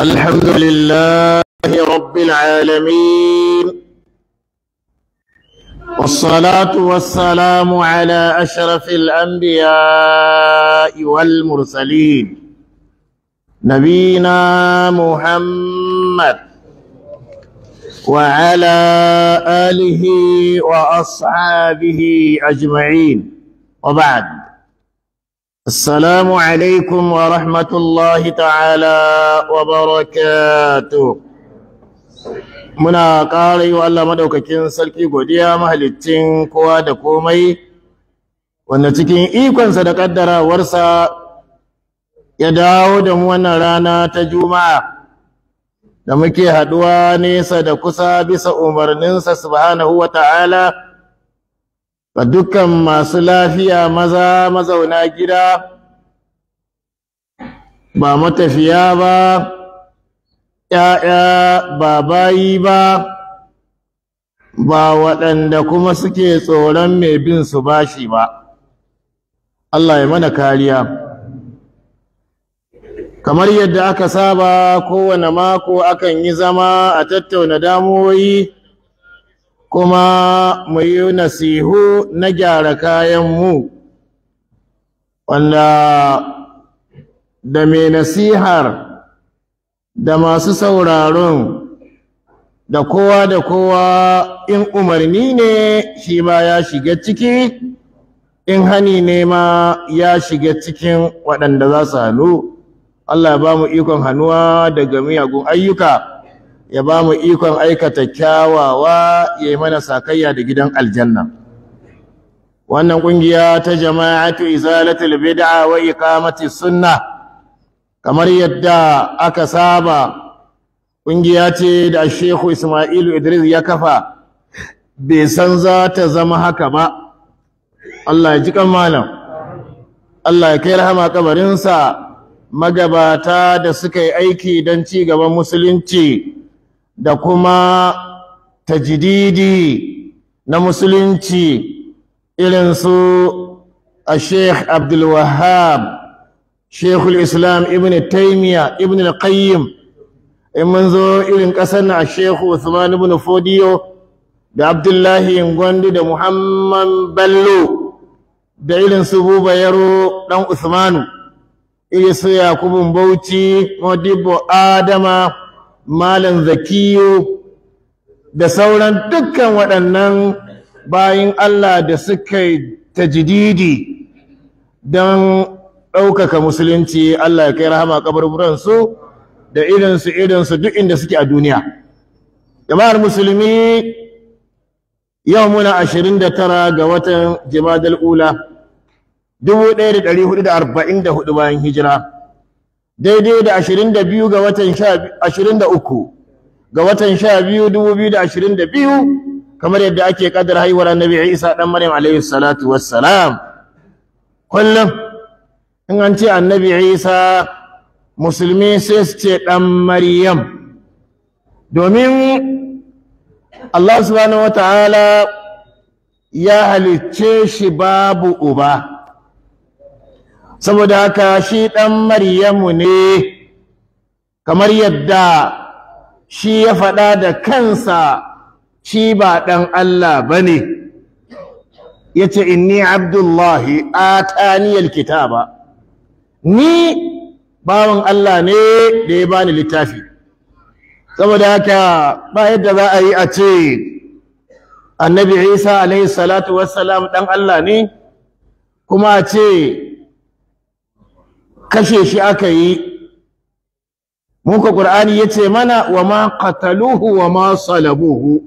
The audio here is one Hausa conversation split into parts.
الحمد لله رب العالمين والصلاة والسلام على أشرف الأنبياء والمرسلين نبينا محمد وعلى آله وأصحابه أجمعين وبعد السلام عليكم ورحمة ta'ala تعالى وبركاته muna ƙara yi wa Allah madaukakin sarki godiya mahaliccin, kowa da komai wanda cikin ikonsa da ƙaddarawarsa ya dawo da mu wannan rana ta juma'a da muke haɗuwa nesa da kusa bisa umarninsa subhanahu wa ta'ala ga dukkan masu lafiya maza mazauna gida ba matafiya ba ‘ya'ya ba bayi ba ba waɗanda kuma suke tsoron mai bin su bashi ba Allah ya mana kariya kamar yadda aka saba kowane mako akan yi zama a tattauna damuwoyi kuma mu yi nasihu na gyara kayanmu wanda da mai nasihar da masu sauraron da kowa da kowa in umarni ne shi ma ya shiga ciki in hani ne ma ya shiga cikin waɗanda za su hannu Allah ba mu ikon hannuwa daga miyagun ayyuka ya ba mu ikon aikata kyawawa ya yi mana sakayya da gidan aljanna wannan ƙungiya ta jama'atu izalatul bid'a wa iqamati sunna kamar yadda aka saba kungiya ce da Sheikh Isma'ilu Idris ya kafa bai san za ta zama haka ba Allah ya ji kan malam Allah ya kai rahama kabarinsa magabata da suka yi aiki don ci gaban musulunci da kuma tajididi na musulunci irin su a sheikh abdulwahab sheikhul islam ibn taimiyya ibn al-qayyim in mun zo irin ƙasar na a usman ibn fodiyo da abdullahi gwandu da muhammad bello da irin su buba yaro ɗan usmanu irin su yakubun bauchi modibo adama malam zakiyo da sauran dukkan waɗannan bayan Allah da suka yi tajididi don ɗaukaka musulunci Allah ya kai rahama kaburburansu da irinsu irinsu duk inda suke a duniya jama'ar musulmi yau muna ashirin da tara ga watan jima'ar ula dubu bayan hijira daidai da 22 ga watan 23 ga watan 12 2022 kamar yadda ake kadar haihuwar annabi Isa dan Maryam alayhi salatu wassalam kullum in an ce annabi Isa musulmi sai su ce dan Maryam domin Allah subhanahu wataala ya halicce shi babu uba saboda haka shi ɗan maryamu ne kamar yadda shi ya faɗa da kansa shi ba ɗan Allah ba ne ya ce inni abdullahi a taniyar kitaba ni bawan Allah ne da ya bani littafi saboda haka ba yadda za a yi a ce annabi isa alaihi salatu salam ɗan Allah ne kuma a ce kashe shi aka yi muka ƙur'ani ya ce mana wa ma qataluhu wa ma salabuhu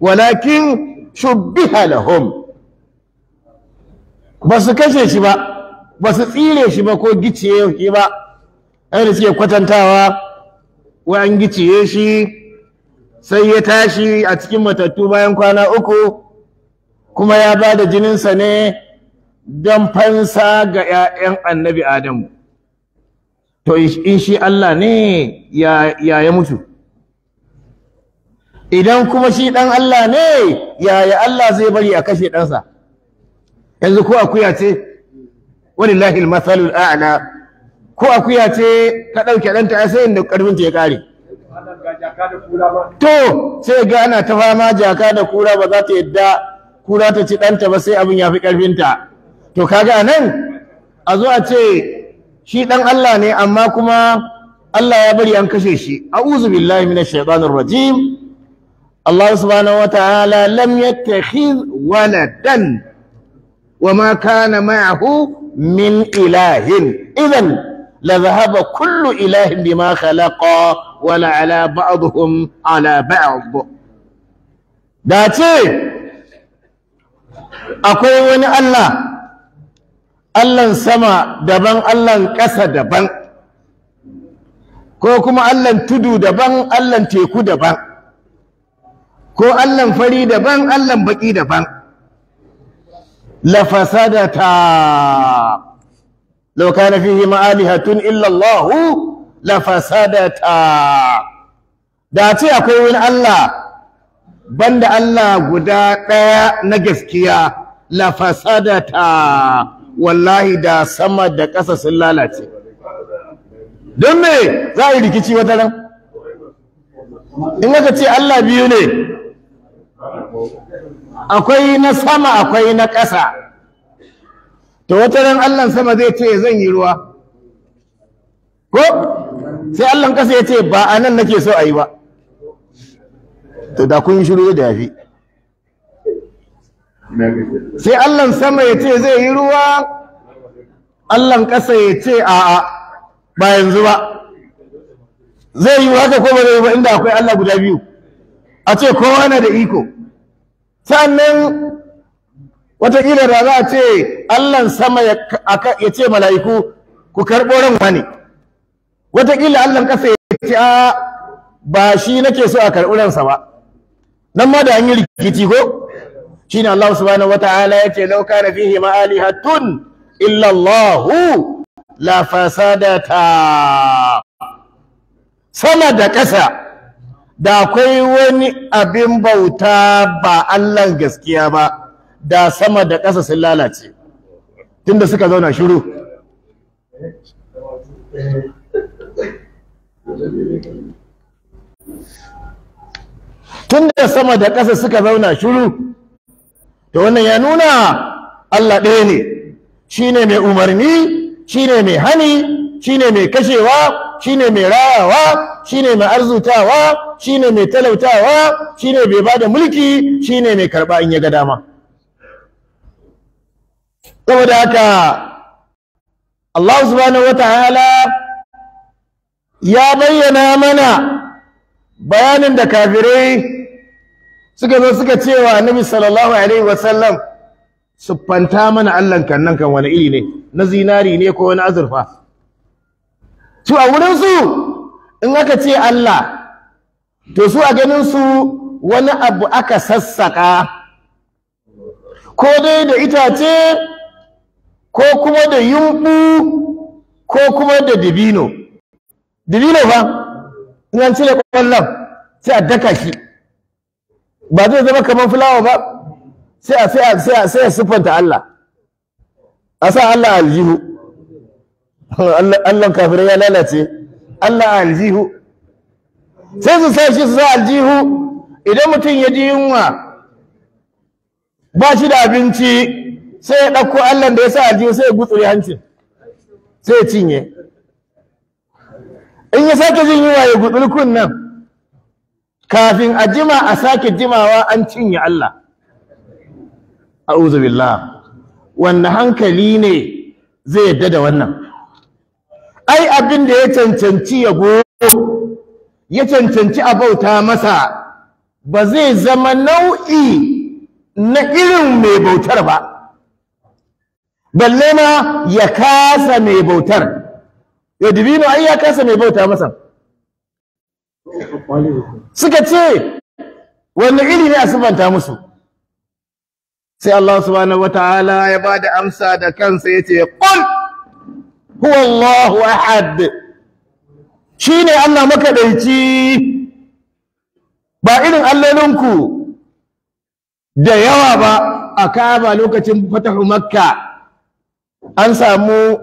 walakin shubbiha lahum ba su kashe shi ba ba su tsire shi ba ko giciye shi ba da suke kwatantawa wa an giciye shi sai ya tashi a cikin matattu bayan kwana uku kuma ya ba da jininsa ne don fansa ga 'ya'yan annabi Adamu. To, in shi Allah ne ya ya mutu. Idan kuma shi ɗan Allah ne yaya Allah zai bari a kashe ɗansa. Yanzu ko akuya ce, Wani al-mathalul a'la ko akuya ce ta ɗauke ɗanta sai inda ƙarfinta ya ƙare. To, sai ga ana ta fama jaka da kura ba za ta yadda kura ta ci ɗanta ba sai abin ya fi ƙarfinta. to kaga nan a zuwa ce shi dan Allah ne amma kuma Allah ya bari an kashe shi a'udhu billahi minash shaitanir rajim Allah subhanahu wa ta'ala lam yattakhidh waladan wa ma kana ma'ahu min ilahin idan la dhahaba kullu ilahin bima khalaqa wa la ala ba'dihim ala ba'd da ce akwai wani Allah Allahn sama daban Allahn ƙasa daban ko kuma Allahn tudu daban Allahn teku daban ko Allahn fari daban Allahn baƙi daban lafasadata law kana fihi ma'alihatun illa Allah lafasadata da ce akwai wani Allah banda Allah guda ɗaya na gaskiya lafasadata wallahi da sama da ƙasa sun lalace don me za a yi rikici wata nan in aka ce Allah biyu ne akwai na sama akwai na ƙasa to wata nan Allah sama zai ce zan yi ruwa ko sai Allah ƙasa ya ce ba a nan nake so a yi ba to da kun shiru da yafi sai Allahn sama ya ce zai yi ruwa Allahn ƙasa ya ce a'a ba yanzu ba zai yi haka ko ba zai ba inda akwai Allah guda biyu a ce kowa na da iko sannan watakila da za a ce Allahn sama ya ce mala'iku ku karɓo ran wani watakila Allahn ƙasa ya ce a ba shi nake so a karɓi ransa ba nan ma da an yi rikici ko shine Allah subhanahu wataala yace law kana fihi ma'alihatun illa Allah la fasadata sama da ƙasa da akwai wani abin bauta ba Allah gaskiya ba da sama da ƙasa sun lalace tunda suka zauna shiru tunda sama da ƙasa suka zauna shiru da wannan ya nuna Allah ɗaya ne shi ne mai umarni shi ne mai hani shi ne mai kashewa shi ne mai rayawa shi ne mai arzutawa shi ne mai talautawa shi ne mai ba da mulki shi ne mai karɓa in ya ga dama saboda haka Allah subhanahu wa ta'ala ya bayyana mana bayanin da kafirai suka zo suka ce wa annabi sallallahu alaihi wasallam fanta mana Allahn kan nan kan wani iri ne na zinari ne ko wani azurfa to a wurin su in aka ce Allah to su a ganin su wani abu aka sassaka ko dai da itace ko kuma da yumbu ko kuma da dibino dibino fa in an cire kwallon sai a daka shi ba zai zama kamar fulawa ba sai a sai a sai a sai a siffanta Allah a sa Allah aljihu Allah kafirai ya lalace Allah aljihu sai su sa shi su sa aljihu idan mutum ya ji yunwa ba shi da abinci sai ya ɗauko Allah da ya sa aljihu sai ya ya hancin sai ya cinye in ya sake jin yunwa ya gutsuri kunnan kafin a jima a sake jimawa an cinye Allah a'udhu billah wanda hankali ne zai yadda da wannan ai abin da ya cancanci ya goro ya cancanci a bauta masa ba zai zama nau'i na irin mai bautar ba balle ma ya kasa mai bautar ya dibino ai ya kasa mai bauta masa suka ce wanne iri ne a sifanta musu sai Allah subhanahu wataala ya ba da amsa da kansa ya ce ƙun huwa Allahu Shi ne Allah makaɗaici. ba irin allolinku da yawa ba a kama lokacin fatahu makka an samu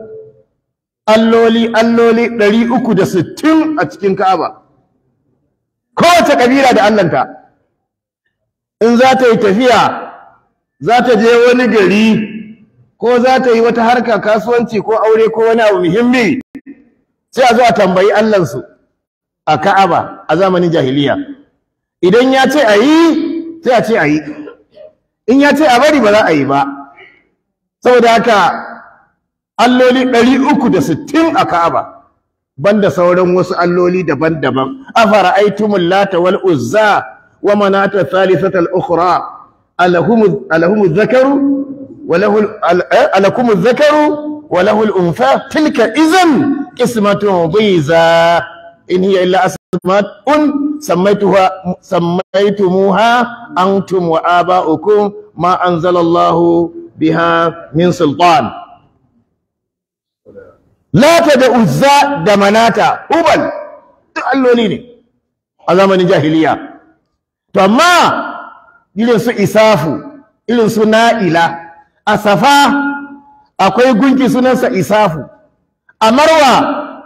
alloli alloli 360 a cikin ka'aba kowace kabila da allanta in za ta yi tafiya za ta je wani gari ko za ta yi wata harka kasuwanci ko aure ko wani abu muhimmi sai a zo a tambayi allansu a ka'aba a zamanin jahiliya idan ya ce a yi sai a ce a yi in ya ce a bari ba za a yi ba saboda haka alloli ɗari uku da sittin a ka'aba banda sauran wasu alloli daban-daban afara'aytumul lata wal uzza wa manata thalithatal ukhra alahum alahum dhakaru wa lahu eh, alakum dhakaru wa lahu al untha tilka idhan qismatun dhiza in hiya illa asmatun sammaytuha sammaytumuha antum wa aba'ukum ma anzalallahu biha min sultan lata da uzza da manata ubal duk alloli ne a zamanin jahiliya to amma irin su isafu irin su na'ila a safa akwai gunki sunansa isafu a marwa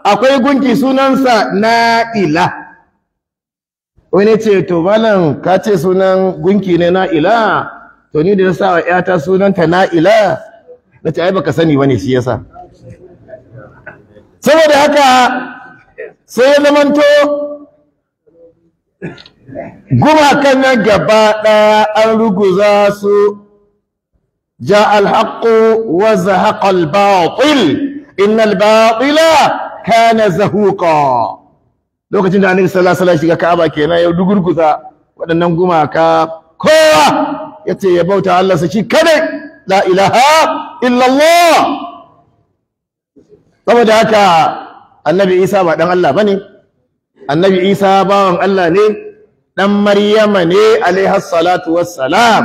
akwai gunki sunansa na'ila wani ce to malam ka ce sunan gunki ne na'ila to ni da na sa wa 'yata sunanta na'ila na ce ai baka sani wani shi yasa saboda haka sai ya zamanto gumakan nan gaba ɗaya an ruguza su ja alhaƙo wa zahaƙal baƙil innal baƙila kana zahuƙa lokacin da annabi sallallahu alaihi wasallam shiga Ka'aba kenan ya dugurguza waɗannan gumaka kowa yace ya bauta Allah sa shi kadai la ilaha illallah saboda haka annabi isa ba dan Allah bane annabi isa bawan Allah ne dan maryama ne alaiha salatu wassalam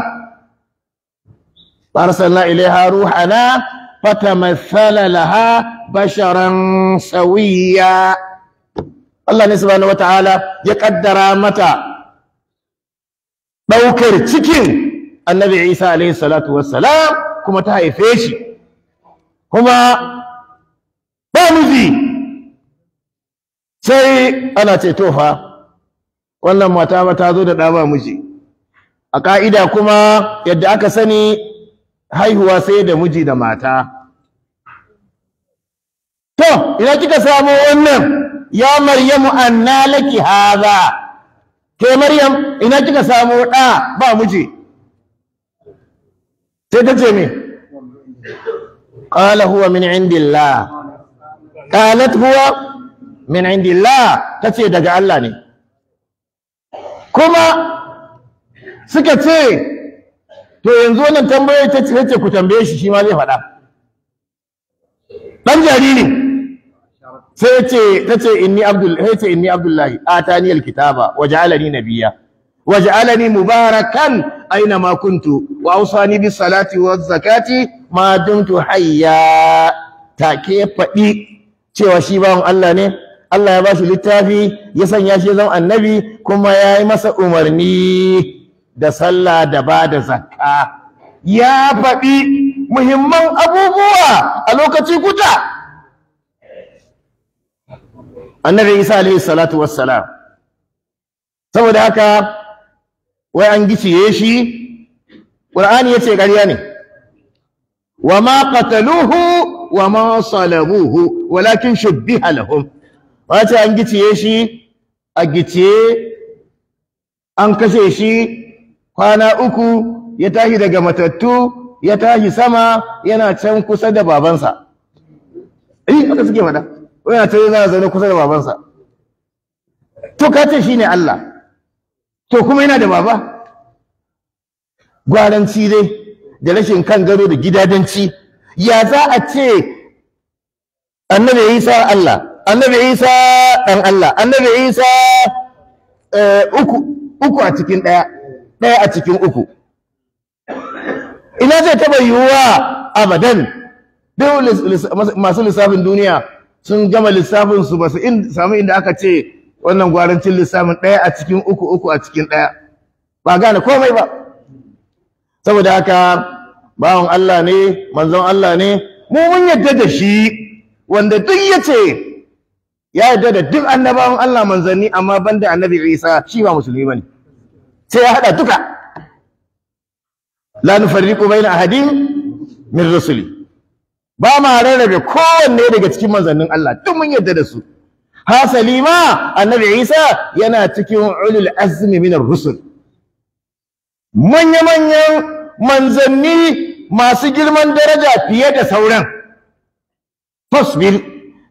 arsalna ilaiha ruhana fatamassala laha basharan sawiya Allah ne subhanahu wataala ya kaddara mata daukar cikin annabi isa alaihi salatu wassalam kuma ta haife shi kuma ba sai ana ce tofa wannan mata ba ta zo da ɗa miji a ƙa'ida kuma yadda aka sani haihuwa sai da miji da mata to ina kika samu wannan ya maryamu anna laki haza. ke maryam ina kika samu ɗa ba miji sai ta ce mai ƙalahuwa huwa min indillah qalat huwa min indillah tace daga Allah ne kuma suka ce to yanzu wannan tambaye ta ce ku tambaye shi shi ma zai faɗa dan jariri sai ce tace inni abdul sai ce inni abdullahi atani alkitaba waja'alani nabiyya waja'alani mubarakan aina ma kuntu wa awsani bis salati waz zakati ma dumtu hayya take faɗi cewa shi bawan Allah ne Allah ya bashi littafi ya sanya shi zama annabi kuma ya yi masa umarni da sallah da ba da zakka ya faɗi muhimman abubuwa a lokaci guda annabi isa alaihi salatu wassalam saboda haka wai an giciye shi qur'ani yace ƙarya ne wa ma qataluhu Wa ma صلبوه walakin shubbiha lahum wata an gice shi a gice an kashe shi kwana uku ya tashi daga matattu ya tashi sama yana can kusa da babansa eh haka suke faɗa yana can yana zaune kusa da babansa to kace shine Allah to kuma yana da baba gwaranci dai da rashin kan gado da gidadanci ya za a ce annabi isa Allah annabi isa ɗan Allah annabi isa eh, uku uku a cikin ɗaya ɗaya a cikin uku ina zai taɓa yiwuwa abadan duk masu lissafin duniya sun gama lissafin su ba su samu inda aka ce wannan gwarancin lissafin ɗaya a cikin uku uku a cikin ɗaya ba gane komai ba saboda haka bawan Allah ne manzon Allah ne mu mun yadda da shi wanda duk yace ya yadda da duk annabawan Allah manzanni amma banda annabi Isa shi ba musulmi bane sai ya hada duka la nufarriqu baina ahadin min rusuli ba ma rarrabe kowanne daga cikin manzannin Allah duk mun yadda da su hasali ma annabi Isa yana cikin ulul azmi minar rusul manya-manyan manzanni masu girman daraja fiye da sauran fasbir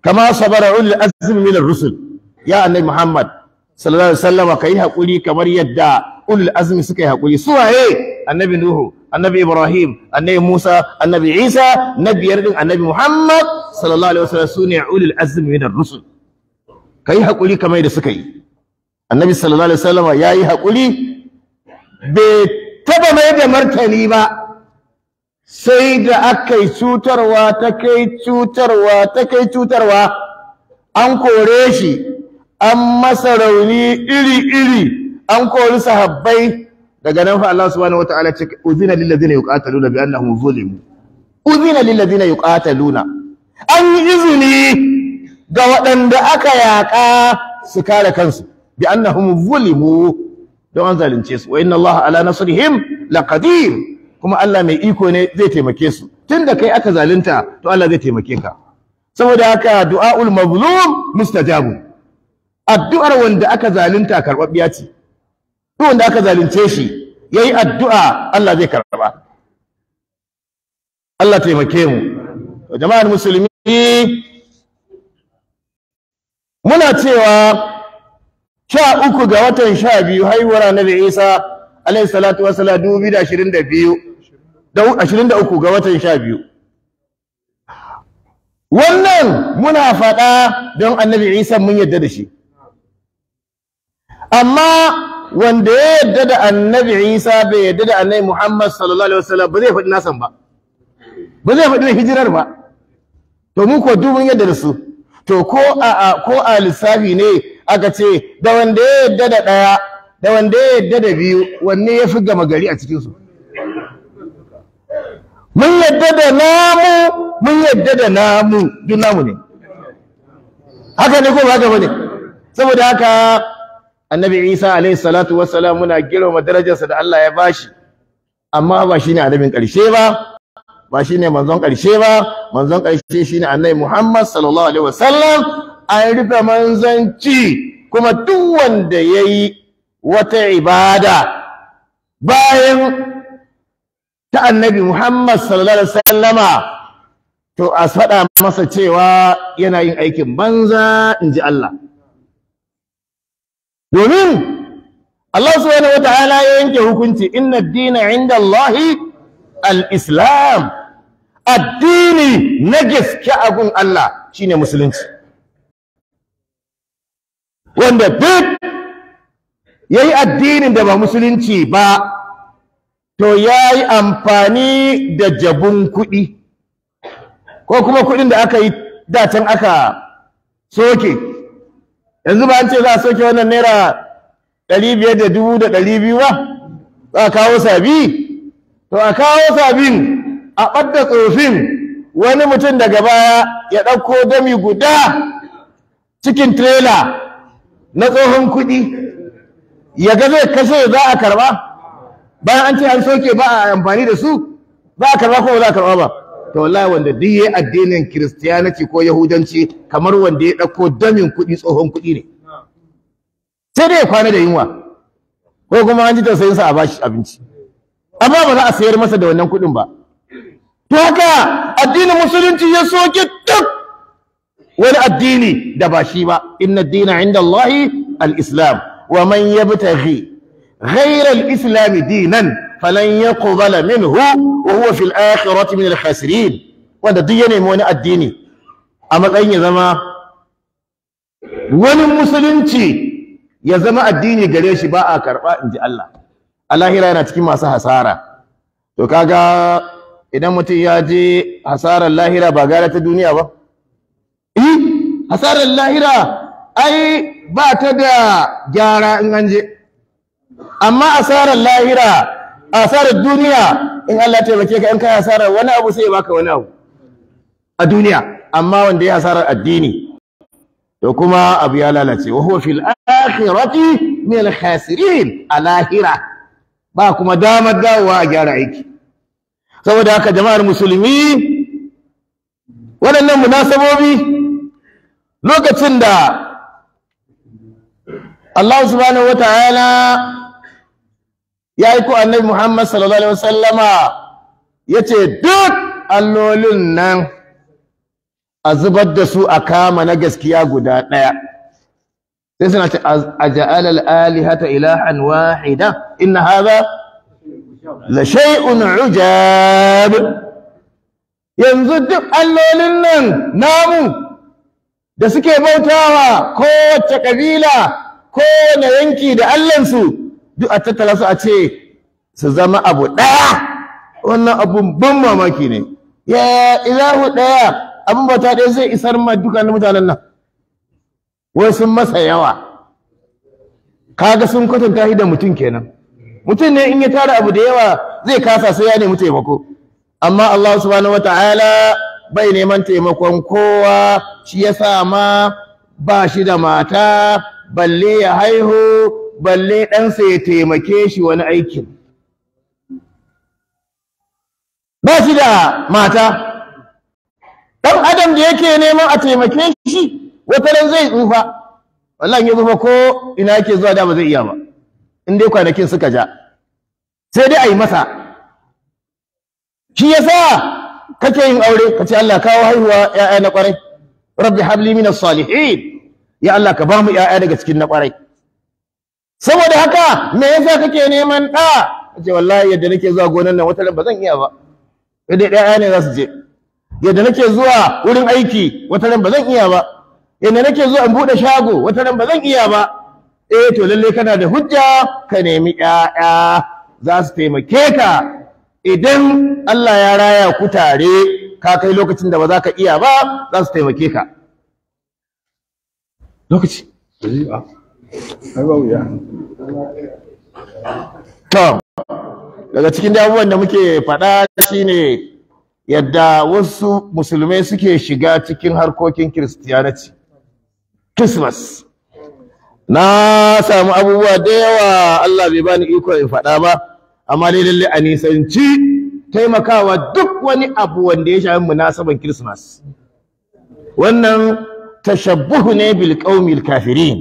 kama sabara ulul azmi min rusul ya annabi muhammad sallallahu alaihi ka yi haƙuri kamar yadda ulul azmi suka yi hakuri suwaye annabi nuhu annabi ibrahim annabi musa annabi isa nabiyar din annabi muhammad sallallahu alaihi wasallam sune ulul azmi min rusul yi haƙuri kamar yadda suka yi annabi sallallahu alaihi ya yi haƙuri bai ba mai da martani ba sai da aka yi cutarwa ta kai cutarwa ta kai cutarwa an kore shi an masa rauni iri-iri an kori sahabbai daga nan fa Allah subhanahu wataala ce uzina lil ladina yuqataluna bi annahum zulimu uzina lil ladina yuqataluna an yi izini ga waɗanda aka yaƙa su kare kansu bi annahum zulimu don an zalunce su wa inna Allah ala nasrihim laqadir kuma Allah mai iko ne zai taimake su tunda kai aka zalunta to Allah zai taimake ka saboda haka du'aul mazlum mustajabu addu'ar wanda aka zalunta karbabbiya ce duk wanda aka zalunce shi yayi addu'a Allah zai karba Allah taimake mu jama'ar musulmi muna cewa sha uku ga watan sha biyu haihuwar annabi Isa alaihi salatu da 23 ga watan 12 wannan muna faɗa don annabi isa mun yadda da shi amma wanda ya yadda da annabi isa bai yadda da annabi muhammad sallallahu alaihi wasallam ba zai faɗi nasan ba ba zai faɗi hijirar ba to mu ko dubin yadda da su to ko a ko a lissafi ne aka ce da wanda ya yadda da ɗaya da wanda ya yadda da biyu wanne ya fi gama gari a cikinsu mun yadda da namu mun yadda da namu duk namu ne haka ne ko ba haka bane saboda haka annabi isa alaihi salatu wassalam muna girma darajarsa da Allah ya bashi amma ba shine annabin karshe ba ba shine manzon karshe ba manzon karshe shine annabi Muhammad sallallahu alaihi wasallam an rufe manzanci kuma duk wanda yayi wata ibada bayan ta annabi Muhammad sallallahu alaihi wasallama to a faɗa masa cewa yana yin aikin banza in ji Allah domin Allah subhanahu wataala ya yanke hukunci inna dina 'inda al-islam addini na gaske a gun Allah shine musulunci wanda duk Yayi addinin da ba musulunci ba to ya yi amfani da jabun kuɗi ko kuma kuɗin da aka yi datan aka soke yanzu ba an ce za a soke wannan naira ɗari biyar da dubu da ɗari biyu ba za a kawo sabi to a kawo sabin a ɓadda tsofin wani mutum daga baya ya ɗauko dami guda cikin tirela na tsohon kuɗi ya ga zai kashe za a karba bayan an ce an soke ba a amfani da su za a karba ko ba za a karba ba to wallahi wanda duk yayi addinin Kiristiyanaci ko yahudanci kamar wanda ya dauko damin kuɗi tsohon kuɗi ne sai dai kwana da yunwa ko kuma an ji tausayin sa a bashi abinci amma ba za a sayar masa da wannan kuɗin ba to haka addinin musulunci ya soke duk wani addini da ba shi ba inna dina inda Allahi al-islam wa man yabtaghi ghayra al-islam dinan falan yaqbala minhu wa huwa fil akhirati min al-khasirin wanda duk ya nemi wani addini a matsayin ya zama wani musulunci ya zama addini gare shi ba a karɓa in ji Allah alahira yana cikin masu hasara to kaga idan mutum ya je hasarar lahira ba gara ta duniya ba e, hasarar lahira ai ba ta da gyara in an je amma asarar lahira asarar duniya in Allah ta taimake ka in kai asarar wani abu sai ya baka wani abu a duniya amma wanda ya asarar addini to kuma abu ya lalace wa huwa fil akhirati min al khasirin a lahira ba kuma damar dawowa a gyara aiki saboda haka jama'ar musulmi waɗannan munasabobi lokacin da Allah subhanahu wataala ya aiko annabi Muhammad sallallahu alaihi wasallama yace duk allolin nan a zubar da su a kama na gaskiya guda ɗaya sai suna ce a ja'alal alihata ilahan wahida inna hadha la shay'un ujab yanzu duk allolin nan namu da suke bautawa kowace kabila kowane yanki da allansu duk a tattara su a ce su zama abu ɗaya wannan abun ban mamaki ne ya ilahu ɗaya abin bauta ɗaya zai isar ma dukkanin mutanen nan wai sun masa yawa kaga sun kwatanta shi da mutum kenan mutum ne in ya tara abu da yawa zai kasa sai ya nemi taimako amma Allah subhanahu wataala bai neman taimakon kowa shi yasa ma ba shi da mata balle ya haihu balle ɗansa ya taimake shi wani aikin ba shi da mata ɗan adam da yake neman a taimake shi wata ran zai tsufa wallahi ya tsufa ko ina yake zuwa da ba zai iya ba in dai kwanakin suka ja sai dai a yi masa shi yasa kake yin aure ka ce Allah kawo haihuwa 'ya'ya na kwarai rabbi habli minas salihin ya Allah ka ba mu ƴaƴa daga cikin na ƙwarai saboda haka me yasa kake neman ɗa ce wallahi yadda nake zuwa gonan nan wata ba zan iya ba yadda ɗaya ne za su je yadda nake zuwa wurin aiki wata ran ba zan iya ba yadda nake zuwa in buɗe shago wata ran ba zan iya ba eh to lalle kana da hujja ka nemi ƴaƴa za su taimake ka idan Allah ya raya ku tare ka kai lokacin da ba za ka iya ba za su taimake ka lokaci to daga cikin abubuwan da muke faɗa shine yadda wasu musulmai suke shiga cikin harkokin kiristiyanci christmas na samu abubuwa da yawa Allah bai bani iko in faɗa ba amma ni lalle a nisanci taimakawa duk wani abu wanda ya shafi munasaban Christmas wannan tashabbuhu ne bil qaumil kafirin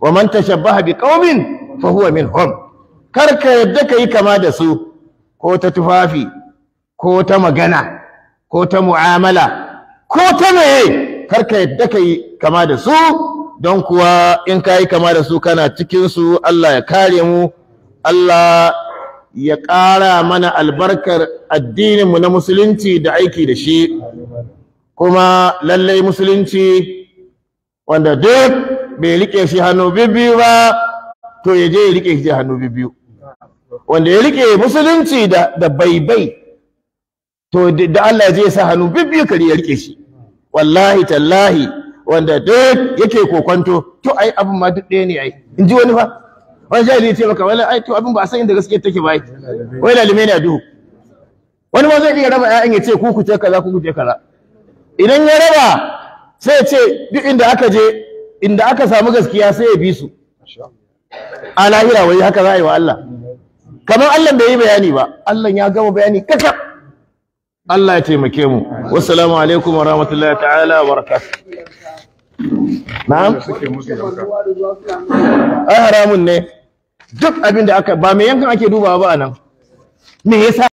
wa man tashabbaha bi qaumin fa huwa minhum kar ka yadda kai kama da su ko ta tufafi ko ta magana ko ta mu'amala ko ta meye kar ka yadda kai kama da su don kuwa in ka yi kama da su kana cikin su Allah ya kare mu Allah ya ƙara mana albarkar addininmu na musulunci da aiki da shi kuma lallai musulunci wanda duk bai rike shi hannu biyu ba to ya je ya rike shi hannu biyu wanda ya rike musulunci da da baibai to da Allah zai sa hannu biyu kare ya rike shi wallahi tallahi wanda duk yake kokonto to ai abin ma duk ɗaya ne ai in ji wani fa wani jahili ce maka wani ai to abin ba a san inda gaskiya take ba ai wai lalime ne duhu wani ma zai iya raba ƴaƴan ya ce ku ku ce kaza ku ku ce kaza idan ya raba sai ce duk inda aka je inda aka samu gaskiya sai ya bi su a lahira wai haka za a yi wa Allah kamar Allah bai yi bayani ba Allah ya gama bayani kaka Allah ya taimake mu wassalamu alaikum wa rahmatullahi ta'ala wa na'am ai haramun ne duk abin da aka ba me yankan ake dubawa ba anan me yasa